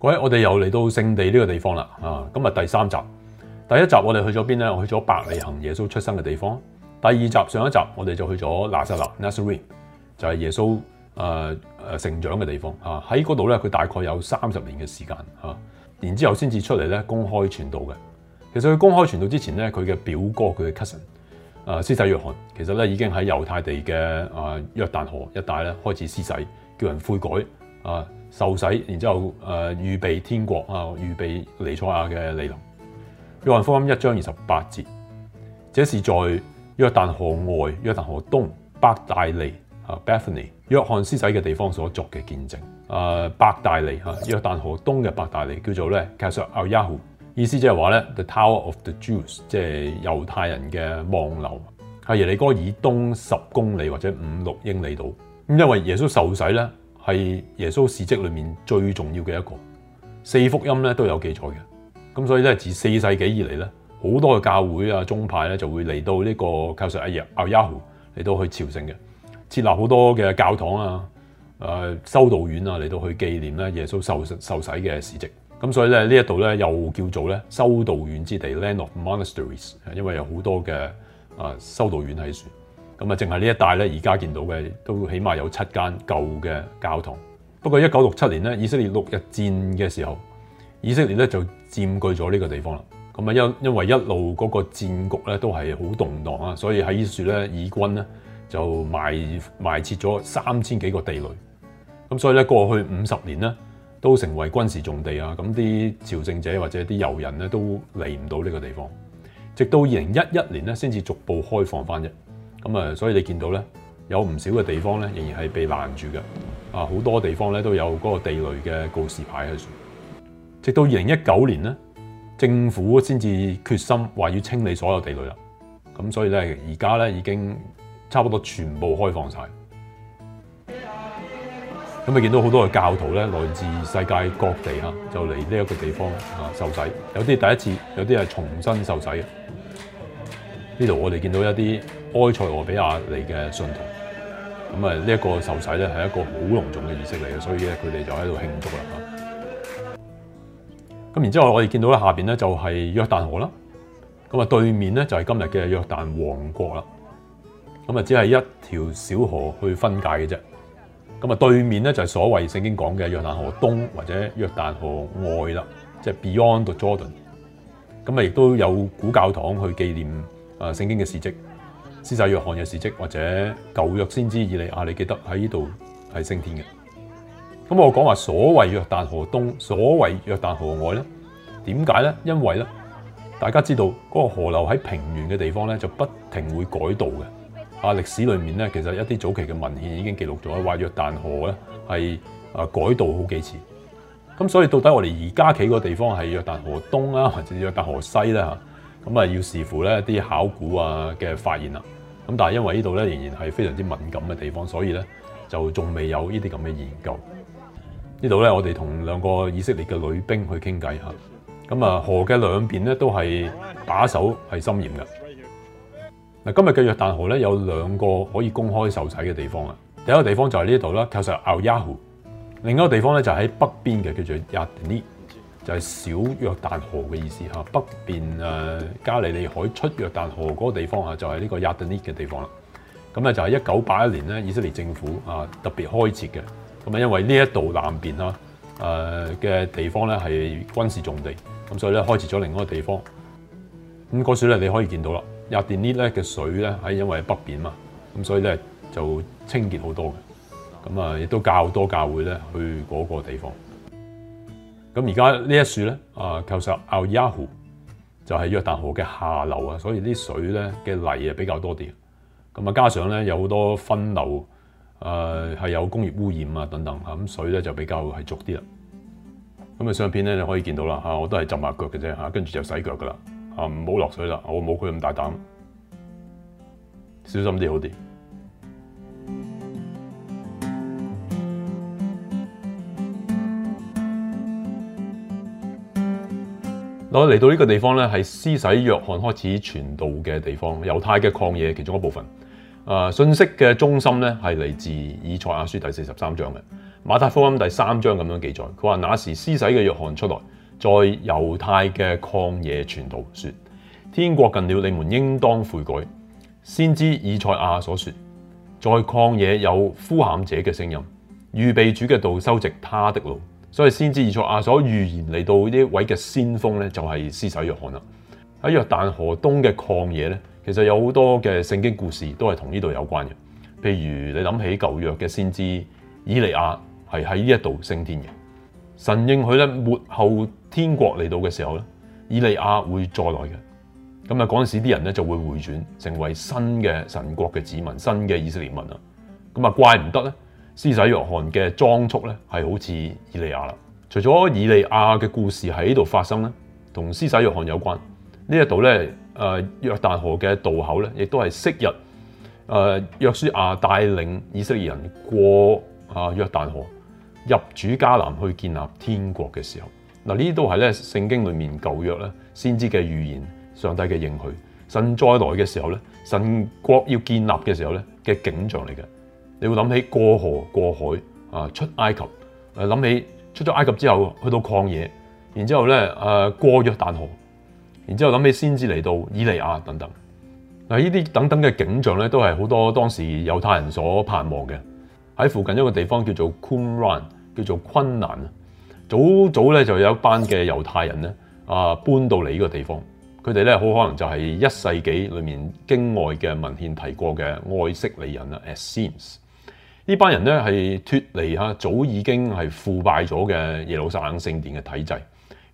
各位，我哋又嚟到聖地呢個地方啦，啊，今日第三集，第一集我哋去咗邊咧？我去咗伯利恆耶穌出生嘅地方。第二集上一集我哋就去咗拿撒勒 Nazareth 就係、是、耶穌誒誒、呃、成長嘅地方啊。喺嗰度咧，佢大概有三十年嘅時間吓、啊，然之後先至出嚟咧公開傳道嘅。其實佢公開傳道之前咧，佢嘅表哥佢嘅 cousin 誒，施洗、呃、約翰，其實咧已經喺猶太地嘅誒、呃、約旦河一帶咧開始施洗，叫人悔改啊。呃受洗，然之後誒預、呃、備天國，啊、呃，預備彌賽亞嘅嚟臨。約翰福音一章二十八節，這是在約旦河外、約旦河東伯大尼、啊 （Bethany），約翰施洗嘅地方所作嘅見證。誒、呃、伯大尼，啊，約旦河東嘅伯大尼叫做咧 Qsar al-Yahud 意思即係話咧 The Tower of the Jews，即係猶太人嘅望樓阿、啊、耶利哥以東十公里或者五六英里度，咁、嗯、因為耶穌受洗咧，係耶穌事蹟裏面最重要嘅一個，四福音咧都有記載嘅。咁所以咧自四世紀以嚟咧，好多嘅教會啊、宗派咧就會嚟到呢個 Qsar al-Yahud 嚟到去朝聖嘅，設立好多嘅教堂啊、誒修道院啊嚟到去紀念咧耶穌受受洗嘅事蹟，咁所以咧呢一度咧又叫做咧修道院之地 （Land of Monasteries），因為有好多嘅啊修道院喺處。咁啊，淨係呢一帶咧，而家見到嘅都起碼有七間舊嘅教堂。不過一九六七年咧，以色列六日戰嘅時候，以色列咧就佔據咗呢個地方啦。咁啊，因因為一路嗰個戰局咧都係好動盪啊，所以喺呢處咧，以軍咧就埋埋設咗三千幾個地雷。咁所以咧，過去五十年咧都成為軍事重地啊。咁啲朝聖者或者啲遊人咧都嚟唔到呢個地方，直到二零一一年咧先至逐步開放翻啫。咁啊，所以你見到咧，有唔少嘅地方咧，仍然係被攔住嘅。啊，好多地方咧都有嗰個地雷嘅告示牌喺度。直到二零一九年咧，政府先至決心話要清理所有地雷啦。咁啊，所以咧，而家咧已經差不多全部開放晒。咁你見到好多嘅教徒咧，來自世界各地啊，就嚟呢一個地方啊受洗。有啲第一次，有啲係重新受洗的。呢度我哋見到一啲。埃塞俄比亞嚟嘅信徒，咁啊呢一個受洗咧係一個好隆重嘅儀式嚟嘅，所以咧佢哋就喺度慶祝啦。咁然之後我哋見到咧下邊咧就係約旦河啦，咁啊對面咧就係今日嘅約旦王國啦。咁啊只係一條小河去分界嘅啫。咁啊對面咧就係所謂聖經講嘅約旦河東或者約旦河外啦，即係 Beyond the Jordan。咁啊亦都有古教堂去紀念啊聖經嘅事蹟。施洗約翰嘅事蹟，或者舊約先知以利亞，你記得喺呢度係升天嘅。咁我講話所謂約旦河東，所謂約旦河外咧，點解咧？因為咧，大家知道嗰、那個河流喺平原嘅地方咧，就不停會改道嘅。啊，歷史裏面咧，其實一啲早期嘅文獻已經記錄咗，話約旦河咧係啊改道好幾次。咁所以到底我哋而家企個地方係約旦河東啊，或者約旦河西啦？咁啊，要視乎咧啲考古啊嘅發現啦。咁但係因為呢度咧仍然係非常之敏感嘅地方，所以咧就仲未有呢啲咁嘅研究。呢度咧，我哋同兩個以色列嘅女兵去傾偈吓。咁啊，河嘅兩邊咧都係把守係森嚴嘅。嗱，今日嘅約旦河咧有兩個可以公開受洗嘅地方啊。第一個地方就係呢度啦，叫做 Qasr al-Yahud。另一個地方咧就喺北邊嘅，叫做 Yardenit。就係小約旦河嘅意思嚇，北邊誒加利利海出約旦河嗰個地方啊，就係、是、呢個亞丁尼嘅地方啦。咁咧就係一九八一年咧，以色列政府啊特別開設嘅。咁啊，因為呢一度南邊啊誒嘅地方咧係軍事重地，咁所以咧開設咗另一個地方。咁嗰時咧你可以見到啦，亞丁尼咧嘅水咧係因為喺北邊嘛，咁所以咧就清潔好多嘅。咁啊，亦都較多教會咧去嗰個地方。咁而家呢一樹咧，啊，Qsar al-Yahud 就係約旦河嘅下流啊，所以啲水咧嘅泥啊比較多啲，咁啊加上咧有好多分流，誒係有工業污染啊等等嚇，咁水咧就比較係濁啲啦。咁啊相片咧你可以見到啦嚇，我都係浸下腳嘅啫嚇，跟住就洗腳噶啦嚇，唔好落水啦，我冇佢咁大膽，小心啲好啲。我嚟到呢個地方咧，係施洗約翰開始傳道嘅地方，猶太嘅曠野其中一部分。啊，信息嘅中心咧，係嚟自以賽亞書第四十三章嘅馬太福音第三章咁樣記載。佢話那時施洗嘅約翰出來，在猶太嘅曠野傳道，說：天國近了，你們應當悔改。先知以賽亞所說，在曠野有呼喊者嘅聲音，預備主嘅道，修直他的路。所以先知以賽亞所預言嚟到呢位嘅先鋒咧，就係施洗約翰啦。喺約旦河東嘅曠野咧，其實有好多嘅聖經故事都係同呢度有關嘅。譬如你諗起舊約嘅先知以利亞，係喺呢一度升天嘅。神應許咧，末後天國嚟到嘅時候咧，以利亞會再來嘅。咁啊，嗰陣時啲人咧就會回轉，成為新嘅神國嘅子民，新嘅以色列民啦。咁啊，怪唔得咧。施洗約翰嘅裝束咧，係好似以利亞啦。除咗以利亞嘅故事喺呢度發生咧，同施洗約翰有關。呢一度咧，誒約旦河嘅渡口咧，亦都係昔日誒約書亞帶領以色列人過啊約旦河，入主迦南去建立天國嘅時候。嗱，呢啲都係咧聖經裏面舊約咧先知嘅預言，上帝嘅應許，神再來嘅時候咧，神國要建立嘅時候咧嘅景象嚟嘅。你會諗起過河過海啊，出埃及，誒、啊、諗起出咗埃及之後去到曠野，然之後咧誒、啊、過約旦河，然之後諗起先至嚟到以利亞等等。嗱、啊，呢啲等等嘅景象咧，都係好多當時猶太人所盼望嘅。喺附近一個地方叫做昆蘭，叫做昆蘭啊。早早咧就有一班嘅猶太人咧啊搬到嚟呢個地方，佢哋咧好可能就係一世紀裏面經外嘅文獻提過嘅愛色尼人啊 Essenes 呢班人咧係脫離嚇，早已經係腐敗咗嘅耶路撒冷聖殿嘅體制。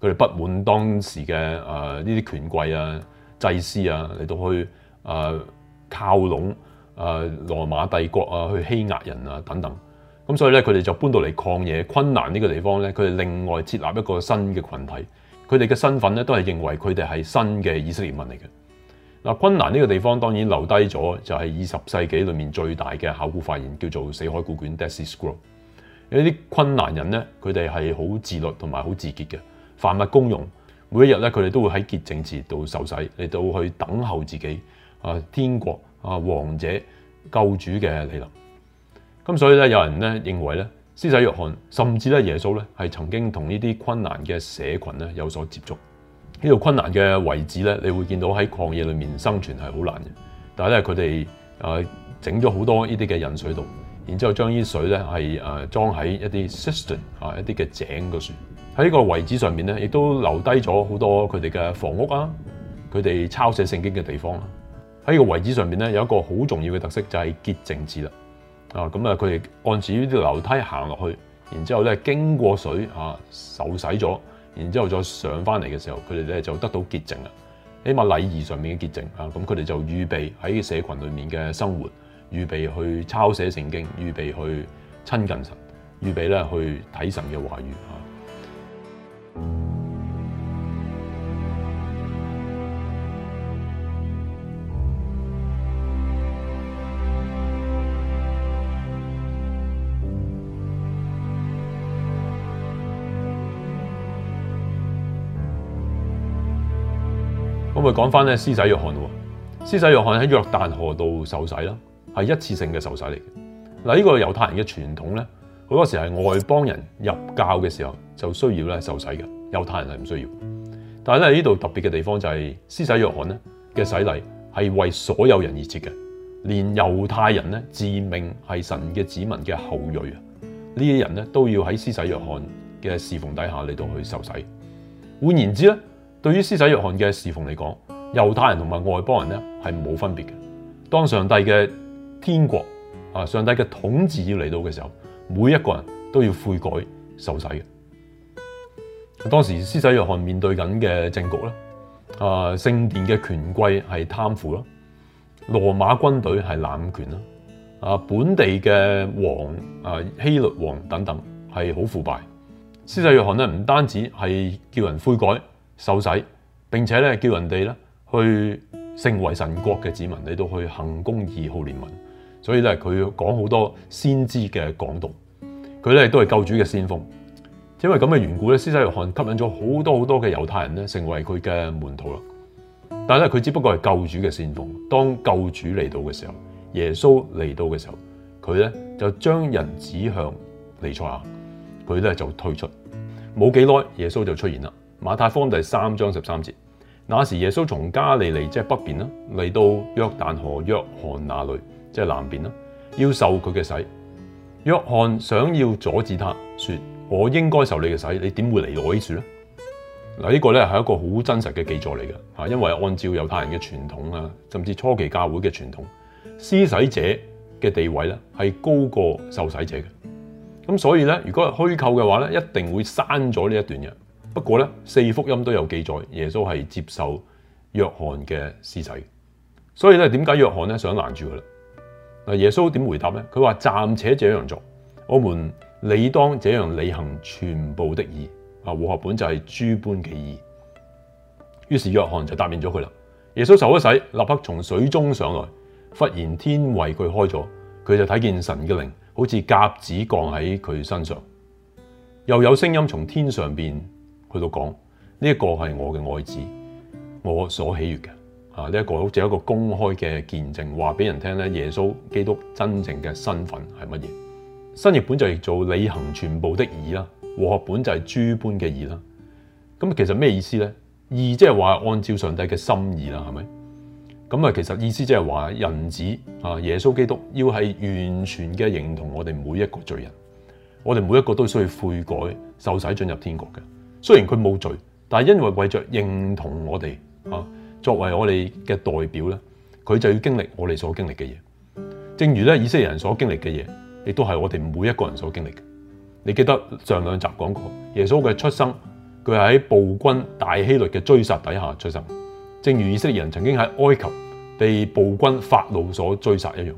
佢哋不滿當時嘅誒呢啲權貴啊、祭司啊嚟到去誒、呃、靠攏誒羅馬帝國啊，去欺壓人啊等等。咁所以咧，佢哋就搬到嚟曠野昆蘭呢個地方咧。佢哋另外設立一個新嘅群體，佢哋嘅身份咧都係認為佢哋係新嘅以色列民嚟嘅。嗱，昆蘭呢個地方當然留低咗，就係二十世紀裏面最大嘅考古發現，叫做死海古卷 d e a s e Scrolls）。有啲昆蘭人咧，佢哋係好自律同埋好自結嘅，凡物公用，每一日咧佢哋都會喺潔淨池度受洗，嚟到去等候自己啊天國啊王者救主嘅理論。咁所以咧，有人咧認為咧，施洗約翰甚至咧耶穌咧，係曾經同呢啲昆蘭嘅社群咧有所接觸。呢度困難嘅遺址咧，你會見到喺曠野裏面生存係好難嘅。但係咧，佢哋誒整咗好多呢啲嘅引水道，然之後將啲水咧係誒裝喺一啲 system 啊，一啲嘅井個船喺呢個遺址上面咧，亦都留低咗好多佢哋嘅房屋啊，佢哋抄寫聖經嘅地方啦。喺呢個遺址上面咧，有一個好重要嘅特色就係、是、潔淨字啦。啊，咁啊，佢哋按住呢啲樓梯行落去，然之後咧經過水啊，受洗咗。然之後再上翻嚟嘅時候，佢哋咧就得到潔淨啦，起碼禮儀上面嘅潔淨啊，咁佢哋就預備喺社群裡面嘅生活，預備去抄寫聖經，預備去親近神，預備咧去睇神嘅話語。我咪講翻咧，施洗約翰喎，施洗約翰喺約旦河度受洗啦，係一次性嘅受洗嚟嘅。嗱，呢個猶太人嘅傳統咧，好多時係外邦人入教嘅時候就需要咧受洗嘅，猶太人係唔需要。但係咧呢度特別嘅地方就係施洗約翰咧嘅洗禮係為所有人而設嘅，連猶太人咧，自命係神嘅子民嘅後裔啊，呢啲人咧都要喺施洗約翰嘅侍奉底下嚟到去受洗。換言之咧。對於施洗約翰嘅侍奉嚟講，猶太人同埋外邦人咧係冇分別嘅。當上帝嘅天國啊，上帝嘅統治要嚟到嘅時候，每一個人都要悔改受洗嘅。當時施洗約翰面對緊嘅政局咧，啊聖殿嘅權貴係貪腐啦，羅馬軍隊係濫權啦，啊本地嘅王啊希律王等等係好腐敗。施洗約翰咧唔單止係叫人悔改、受洗，並且咧叫人哋咧去成為神國嘅子民，嚟到去行公義、好憐憫，所以咧，佢講好多先知嘅講道，佢咧都係救主嘅先鋒。因為咁嘅緣故咧，施洗約翰吸引咗好多好多嘅猶太人咧成為佢嘅門徒啦。但係咧，佢只不過係救主嘅先鋒。當救主嚟到嘅時候，耶穌嚟到嘅時候，佢咧就將人指向彌賽亞，佢咧就退出。冇幾耐，耶穌就出現啦。馬太福音第三章十三節，那時耶穌從加利利即係北邊啦，嚟到約旦河約翰那裏，即係南邊啦，要受佢嘅洗。約翰想要阻止他，說我應該受你嘅洗，你點會嚟攞呢處咧？嗱，呢個咧係一個好真實嘅記載嚟嘅，吓，因為按照猶太人嘅傳統啊，甚至初期教會嘅傳統，施洗者嘅地位咧係高過受洗者嘅。咁所以咧，如果係虛構嘅話咧，一定會刪咗呢一段嘅。不過咧，四福音都有記載耶穌係接受約翰嘅施洗，所以咧點解約翰咧想攔住佢啦？嗱，耶穌點回答咧？佢話，暫且這樣做，我們理當這樣履行全部的義啊。和合本就係諸般嘅義。於是約翰就答應咗佢啦。耶穌受一洗，立刻從水中上來，忽然天為佢開咗，佢就睇見神嘅靈好似鴿子，降喺佢身上，又有聲音從天上邊。佢都講呢一個係我嘅愛子，我所喜悅嘅啊！呢、這、一個好似一個公開嘅見證，話俾人聽咧。耶穌基督真正嘅身份係乜嘢？新譯本就係做履行全部的義啦，和合本就係諸般嘅義啦。咁其實咩意思咧？義即係話按照上帝嘅心意啦，係咪？咁啊，其實意思即係話人子啊，耶穌基督要係完全嘅認同我哋每一個罪人，我哋每一個都需要悔改，受洗進入天國。嘅。雖然佢冇罪，但係因為為著認同我哋啊，作為我哋嘅代表咧，佢就要經歷我哋所經歷嘅嘢。正如咧，以色列人所經歷嘅嘢，亦都係我哋每一個人所經歷嘅。你記得上兩集講過，耶穌嘅出生，佢喺暴君大希律嘅追殺底下出生，正如以色列人曾經喺埃及被暴君法老所追殺一樣。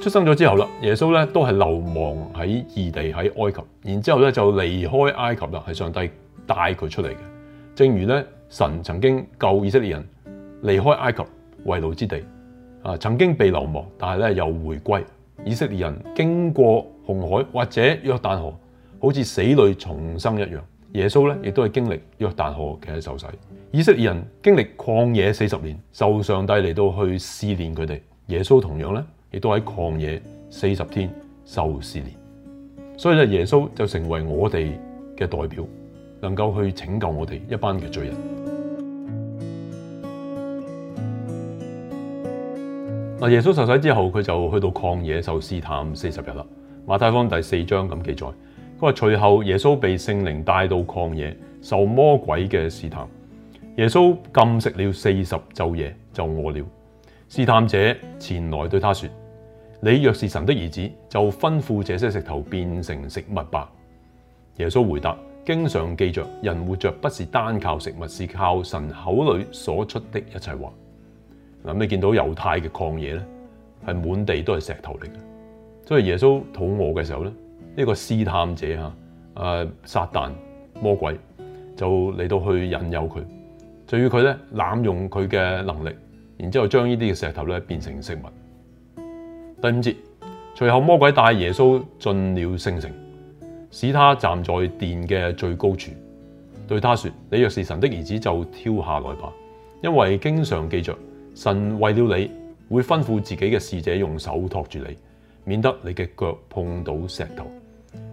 出生咗之後啦，耶穌咧都係流亡喺異地喺埃及，然之後咧就離開埃及啦，係上帝，帶佢出嚟嘅，正如咧神曾經救以色列人離開埃及為奴之地啊，曾經被流亡，但係咧又回歸。以色列人經過紅海或者約旦河，好似死裏重生一樣。耶穌咧亦都係經歷約旦河嘅受洗。以色列人經歷曠野四十年，受上帝嚟到去試煉佢哋。耶穌同樣咧亦都喺曠野四十天受試煉，所以咧耶穌就成為我哋嘅代表，能夠去拯救我哋一班嘅罪人。啊，耶穌受洗之後，佢就去到曠野受試探四十日啦。馬太福音第四章咁記載，佢話隨後耶穌被聖靈帶到曠野受魔鬼嘅試探。耶穌禁食了四十晝夜就餓了。試探者前來對他說：你若是神的兒子，就吩咐這些石頭變成食物吧。耶穌回答。經常記着，人活着不是單靠食物，是靠神口裏所出的一切話。嗱，你見到猶太嘅曠野咧，係滿地都係石頭嚟嘅。所以耶穌肚餓嘅時候咧，呢、這個試探者吓，誒、啊，撒旦魔鬼就嚟到去引誘佢，就要佢咧濫用佢嘅能力，然之後將呢啲嘅石頭咧變成食物。第五節，隨後魔鬼帶耶穌進了聖城。使他站在殿嘅最高處，對他說：你若是神的兒子，就跳下來吧。因為經常記着，神為了你會吩咐自己嘅使者用手托住你，免得你嘅腳碰到石頭。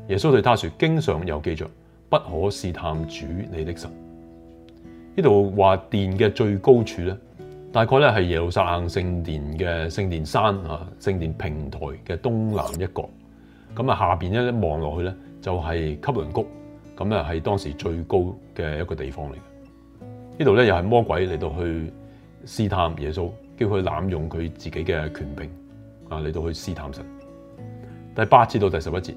耶穌對他說：經常又記着，不可試探主你的神。呢度話殿嘅最高處咧，大概咧係耶路撒冷聖殿嘅聖殿山啊，聖殿平台嘅東南一角。咁啊，下邊一望落去咧。就係汲淪谷，咁咧係當時最高嘅一個地方嚟嘅。呢度咧又係魔鬼嚟到去試探耶穌，叫佢濫用佢自己嘅權柄啊嚟到去試探神。第八節到第十一節，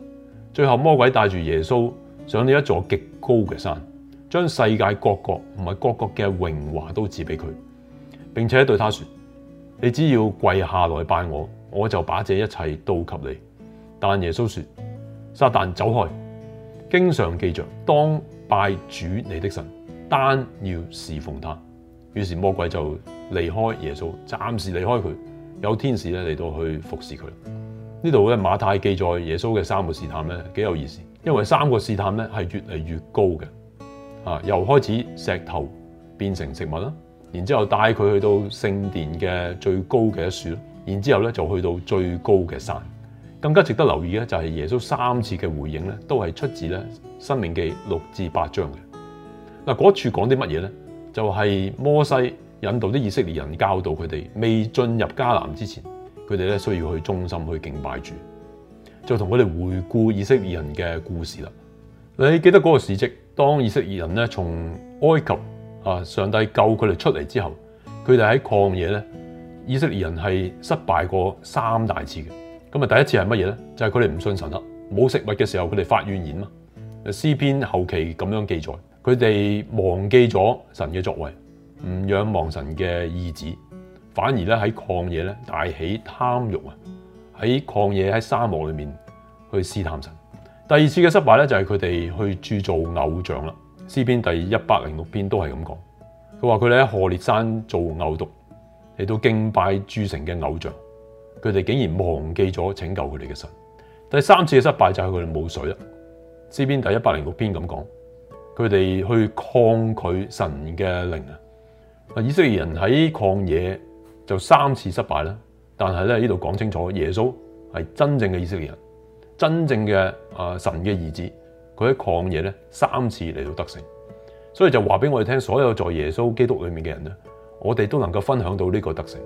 最後魔鬼帶住耶穌上到一座極高嘅山，將世界各國同埋各國嘅榮華都賜俾佢，並且對他說：你只要跪下來拜我，我就把這一切都給你。但耶穌說。撒旦走開，經常記着當拜主你的神，單要侍奉他。於是魔鬼就離開耶穌，暫時離開佢，有天使咧嚟到去服侍佢。呢度咧馬太記載耶穌嘅三個試探咧幾有意思，因為三個試探咧係越嚟越高嘅，啊，又開始石頭變成食物啦，然之後帶佢去到聖殿嘅最高嘅一樹，然之後咧就去到最高嘅山。更加值得留意咧，就係耶穌三次嘅回應咧，都係出自咧《申命記》六至八章嘅。嗱，嗰處講啲乜嘢咧？就係、是、摩西引導啲以色列人教導佢哋，未進入迦南之前，佢哋咧需要去中心去敬拜主，就同佢哋回顧以色列人嘅故事啦。你記得嗰個事蹟，當以色列人咧從埃及啊，上帝救佢哋出嚟之後，佢哋喺曠野咧，以色列人係失敗過三大次嘅。咁啊，第一次係乜嘢咧？就係佢哋唔信神啦，冇食物嘅時候，佢哋發怨言嘛。詩篇後期咁樣記載，佢哋忘記咗神嘅作為，唔仰望神嘅意志，反而咧喺曠野咧大起貪欲啊！喺曠野喺沙漠裏面去試探神。第二次嘅失敗咧，就係佢哋去鑄造偶像啦。詩篇第一百零六篇都係咁講，佢話佢哋喺何烈山做牛犢嚟到敬拜鑄成嘅偶像。佢哋竟然忘記咗拯救佢哋嘅神。第三次嘅失敗就係佢哋冇水啦。詩篇第一百零六篇咁講，佢哋去抗拒神嘅靈啊。啊，以色列人喺曠野就三次失敗啦。但係咧呢度講清楚，耶穌係真正嘅以色列人，真正嘅啊神嘅兒子。佢喺曠野咧三次嚟到得勝，所以就話俾我哋聽，所有在耶穌基督裏面嘅人咧，我哋都能夠分享到呢個得勝。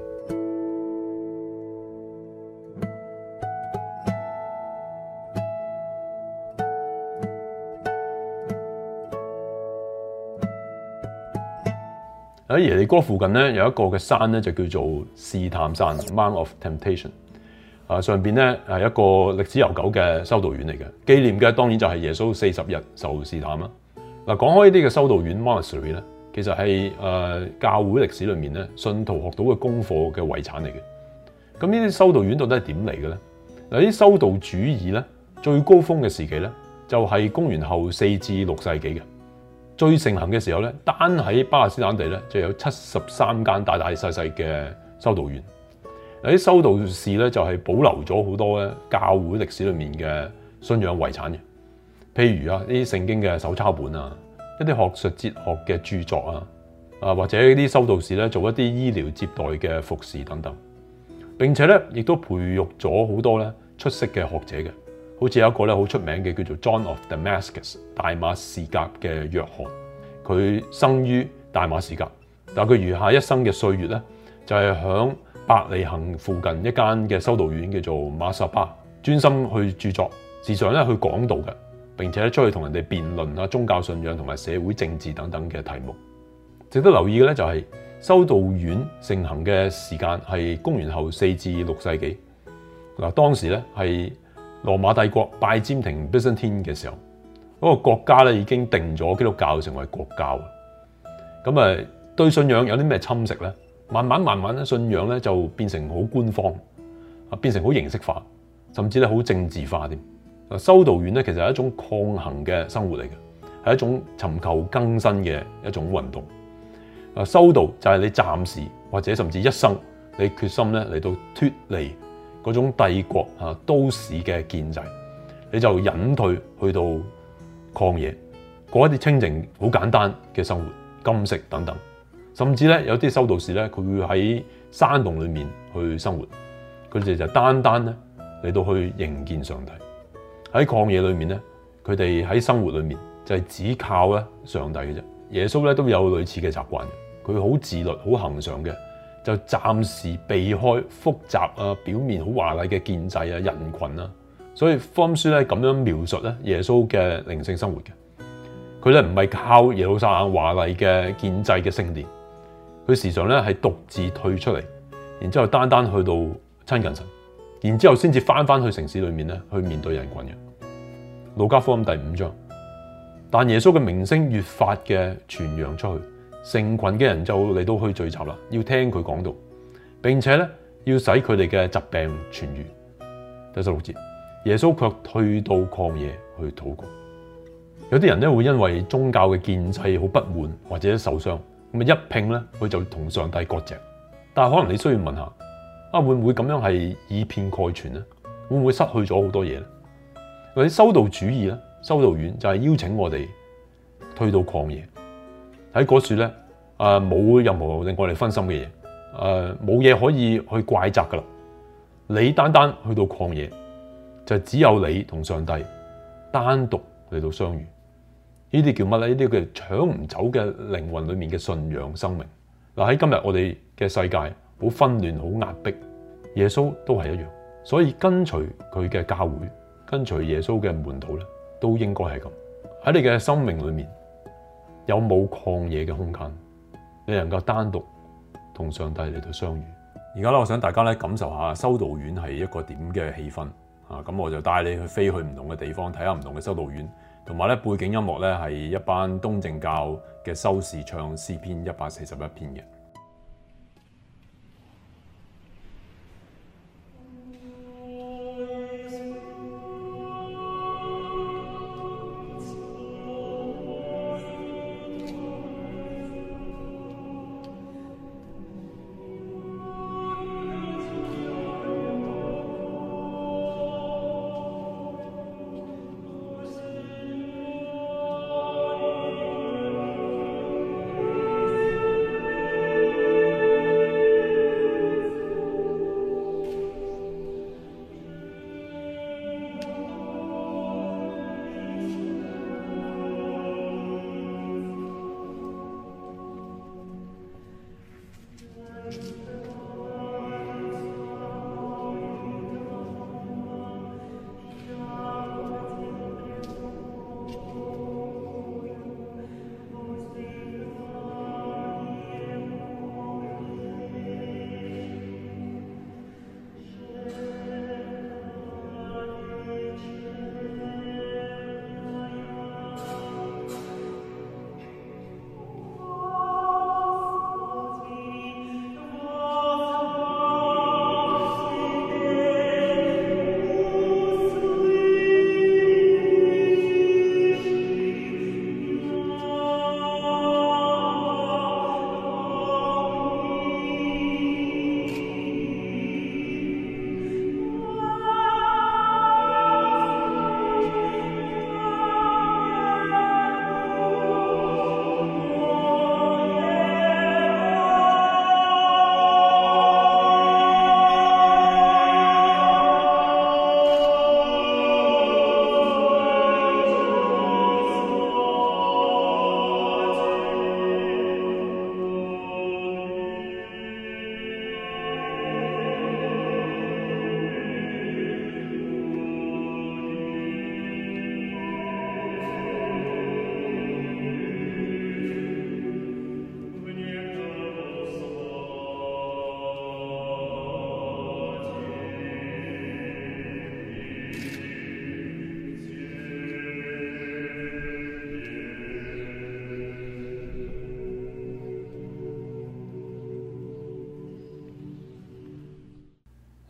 喺耶利哥附近咧，有一個嘅山咧，就叫做試探山 （Mount of Temptation）。啊，上邊咧係一個歷史悠久嘅修道院嚟嘅，紀念嘅當然就係耶穌四十日受試探啦。嗱，講開呢啲嘅修道院 （monastery） 咧，Mon y，其實係誒、呃、教會歷史裏面咧，信徒學到嘅功課嘅遺產嚟嘅。咁呢啲修道院到底係點嚟嘅咧？嗱，啲修道主義咧最高峰嘅時期咧，就係公元後四至六世紀嘅。最盛行嘅時候咧，單喺巴勒斯坦地咧就有七十三間大大細細嘅修道院。有啲修道士咧就係保留咗好多咧教會歷史裏面嘅信仰遺產嘅，譬如啊呢啲聖經嘅手抄本啊，一啲學術哲學嘅著作啊，啊或者啲修道士咧做一啲醫療接待嘅服侍等等。並且咧亦都培育咗好多咧出色嘅學者嘅。好似有一個咧，好出名嘅叫做 John of Damascus 大馬士革嘅約翰，佢生於大馬士革，但佢餘下一生嘅歲月咧就係響伯利恆附近一間嘅修道院叫做馬薩巴，專心去著作，時常咧去講道嘅，並且出去同人哋辯論啊，宗教信仰同埋社會政治等等嘅題目。值得留意嘅咧就係、是、修道院盛行嘅時間係公元後四至六世紀嗱，當時咧係。羅馬帝國拜占庭 （Byzantine） 嘅時候，嗰個國家咧已經定咗基督教成為國教。咁誒對信仰有啲咩侵蝕咧？慢慢慢慢咧，信仰咧就變成好官方，啊變成好形式化，甚至咧好政治化添。啊，修道院咧其實係一種抗衡嘅生活嚟嘅，係一種尋求更新嘅一種運動。啊，修道就係你暫時或者甚至一生，你決心咧嚟到脫離。嗰種帝國啊都市嘅建制，你就隱退去到曠野，過一啲清靜、好簡單嘅生活，禁食等等。甚至咧，有啲修道士咧，佢會喺山洞裏面去生活。佢哋就單單咧嚟到去迎見上帝。喺曠野裏面咧，佢哋喺生活裏面就係只靠咧上帝嘅啫。耶穌咧都有類似嘅習慣，佢好自律、好恒常嘅。就暫時避開複雜啊、表面好華麗嘅建制啊、人群啊，所以福音書咧咁樣描述咧耶穌嘅靈性生活嘅，佢咧唔係靠耶路撒冷華麗嘅建制嘅聖殿，佢時常咧係獨自退出嚟，然之後單單去到親近神，然之後先至翻翻去城市裏面咧去面對人群嘅。路加福音第五章，但耶穌嘅名聲越發嘅傳揚出去。成群嘅人就嚟到去聚集啦，要聽佢講道，並且咧要使佢哋嘅疾病痊愈。第十六節，耶穌卻退到曠野去禱告。有啲人咧會因為宗教嘅建制好不滿或者受傷，咁啊一拼咧佢就同上帝割席。但係可能你需要問下，啊會唔會咁樣係以偏概全咧？會唔會失去咗好多嘢咧？或者修道主義咧？修道院就係邀請我哋退到曠野。喺嗰樹咧，啊冇、呃、任何令我哋分心嘅嘢，啊冇嘢可以去怪責噶啦。你單單去到曠野，就只有你同上帝單獨嚟到相遇。呢啲叫乜咧？呢啲叫搶唔走嘅靈魂裏面嘅信仰生命。嗱喺今日我哋嘅世界好紛亂、好壓迫。耶穌都係一樣。所以跟隨佢嘅教會，跟隨耶穌嘅門徒咧，都應該係咁喺你嘅生命裏面。有冇曠野嘅空間，你能夠單獨同上帝嚟到相遇？而家咧，我想大家咧感受下修道院係一個點嘅氣氛啊！咁我就帶你去飛去唔同嘅地方，睇下唔同嘅修道院，同埋咧背景音樂咧係一班東正教嘅修士唱詩篇一百四十一篇嘅。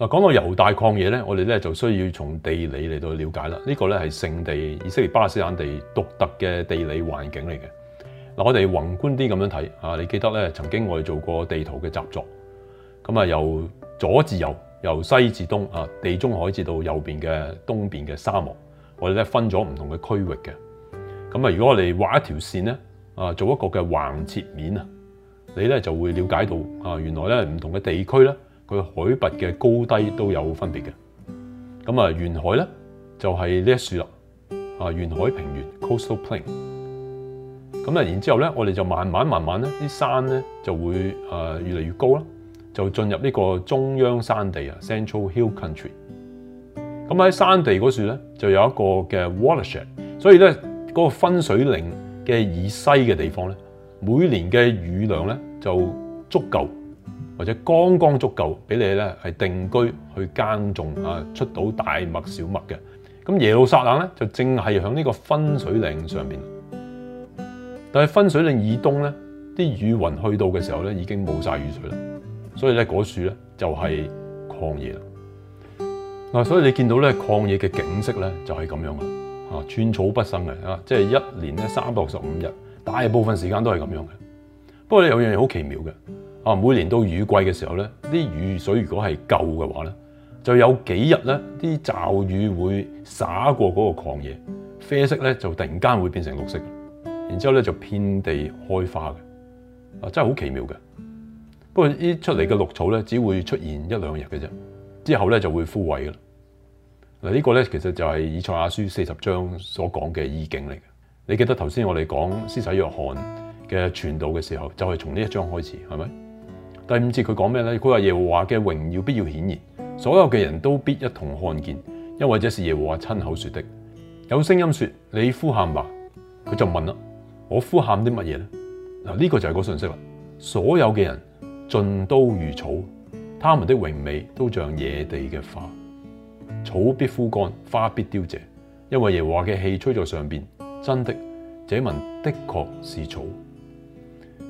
嗱，講到猶大曠野咧，我哋咧就需要從地理嚟到了解啦。呢個咧係聖地以色列巴勒斯坦地獨特嘅地理環境嚟嘅。嗱，我哋宏觀啲咁樣睇啊，你記得咧曾經我哋做過地圖嘅習作，咁啊由左至右，由西至東啊，地中海至到右邊嘅東邊嘅沙漠，我哋咧分咗唔同嘅區域嘅。咁啊，如果我哋畫一條線咧，啊，做一個嘅橫切面啊，你咧就會了解到啊，原來咧唔同嘅地區咧。佢海拔嘅高低都有分別嘅，咁啊，沿海咧就係、是、呢一樹啦，啊，沿海平原 （coastal plain）。咁啊，然之後咧，我哋就慢慢慢慢咧，啲山咧就會誒、呃、越嚟越高啦，就進入呢個中央山地啊 （central hill country）。咁喺山地嗰處咧，就有一個嘅 watershed，所以咧、嗰個分水嶺嘅以西嘅地方咧，每年嘅雨量咧就足夠。或者剛剛足夠俾你咧係定居去耕種啊，出到大麥小麥嘅。咁耶路撒冷咧就正係響呢個分水嶺上邊，但係分水嶺以東咧，啲雨雲去到嘅時候咧已經冇晒雨水啦，所以咧嗰樹咧就係曠野啦。嗱，所以你見到咧曠野嘅景色咧就係咁樣啦，啊，寸草不生嘅啊，即係一年咧三百六十五日大部分時間都係咁樣嘅。不過咧有樣嘢好奇妙嘅。啊，每年到雨季嘅時候咧，啲雨水如果係夠嘅話咧，就有幾日咧啲驟雨會灑過嗰個曠野，啡色咧就突然間會變成綠色，然之後咧就遍地開花嘅，啊真係好奇妙嘅。不過呢出嚟嘅綠草咧，只會出現一兩日嘅啫，之後咧就會枯萎㗎喇。嗱、這、呢個咧其實就係以賽亞書四十章所講嘅意境嚟嘅。你記得頭先我哋講施洗約翰嘅傳道嘅時候，就係從呢一章開始，係咪？第五節佢講咩咧？佢話耶和華嘅榮耀必要顯現，所有嘅人都必一同看見，因為這是耶和華親口說的。有聲音說：你呼喊吧。佢就問啦：我呼喊啲乜嘢咧？嗱，呢個就係個信息啦。所有嘅人，盡都如草，他們的榮美都像野地嘅花。草必枯乾，花必凋謝，因為耶和華嘅氣吹在上邊。真的，這民的確是草。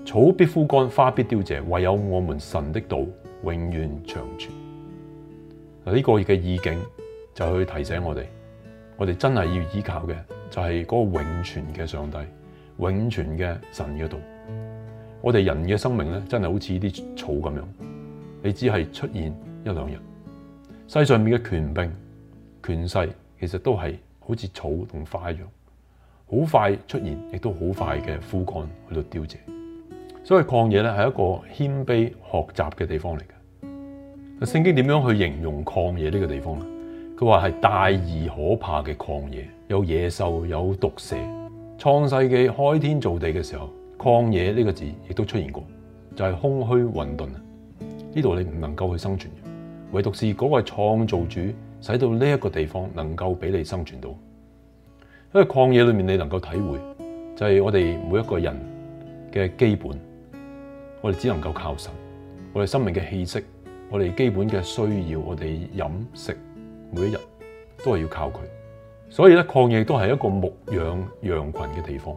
草必枯乾，花必凋謝，唯有我們神的道永遠長存。嗱，呢個嘅意境就去提醒我哋，我哋真係要依靠嘅就係嗰個永存嘅上帝，永存嘅神嘅道。我哋人嘅生命咧，真係好似啲草咁樣，你只係出現一兩日，世上面嘅權柄、權勢，其實都係好似草同花一樣，好快出現，亦都好快嘅枯乾去到凋謝。所以曠野咧係一個謙卑學習嘅地方嚟嘅。聖經點樣去形容曠野呢個地方咧？佢話係大而可怕嘅曠野，有野獸，有毒蛇。創世紀開天造地嘅時候，曠野呢個字亦都出現過，就係空虛混沌啊！呢度你唔能夠去生存嘅，唯獨是嗰個位創造主使到呢一個地方能夠俾你生存到。因為曠野裏面你能夠體會，就係我哋每一個人嘅基本。我哋只能夠靠神，我哋生命嘅氣息，我哋基本嘅需要，我哋飲食，每一日都係要靠佢。所以咧，曠野都係一個牧養羊，羊群嘅地方。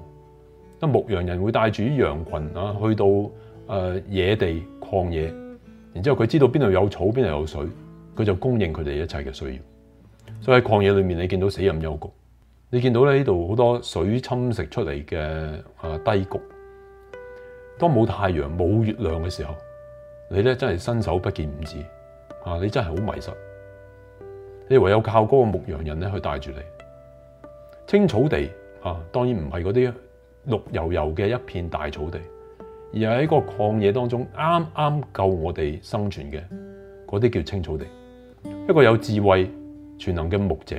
咁牧羊人會帶住啲羊群啊，去到誒野地曠野，然之後佢知道邊度有草，邊度有水，佢就供應佢哋一切嘅需要。所以喺曠野裏面，你見到死蔭幽谷，你見到咧呢度好多水侵蝕出嚟嘅啊低谷。當冇太陽、冇月亮嘅時候，你咧真係伸手不見五指啊！你真係好迷失，你唯有靠嗰個牧羊人咧去帶住你。青草地啊，當然唔係嗰啲綠油油嘅一片大草地，而係喺個曠野當中啱啱夠我哋生存嘅嗰啲叫青草地。一個有智慧、全能嘅牧者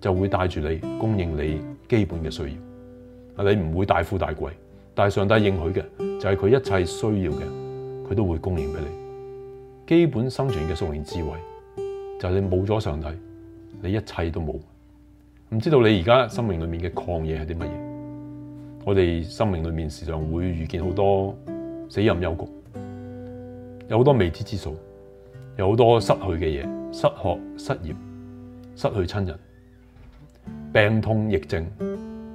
就會帶住你，供應你基本嘅需要。你唔會大富大貴。但上帝應許嘅就係佢一切需要嘅，佢都會供應俾你。基本生存嘅屬靈智慧就係你冇咗上帝，你一切都冇。唔知道你而家生命裏面嘅曠野係啲乜嘢？我哋生命裏面時常會遇見好多死蔭幽谷，有好多未知之數，有好多失去嘅嘢，失學、失業、失去親人、病痛、疫症，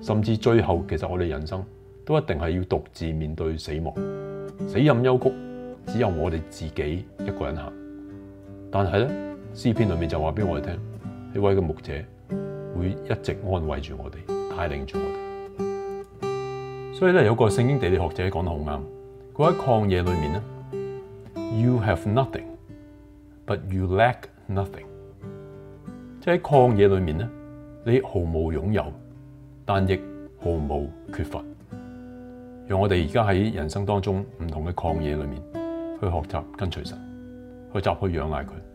甚至最後其實我哋人生，都一定係要獨自面對死亡，死蔭幽谷，只有我哋自己一個人行。但係咧，詩篇裏面就話俾我哋聽，呢位嘅牧者會一直安慰住我哋，帶領住我哋。所以咧，有個聖經地理學者講得好啱，佢喺曠野裏面咧，You have nothing, but you lack nothing，即係喺曠野裏面咧，你毫無擁有，但亦毫無缺乏。讓我哋而家喺人生當中唔同嘅曠野裏面，去學習跟隨神，去習去仰賴佢。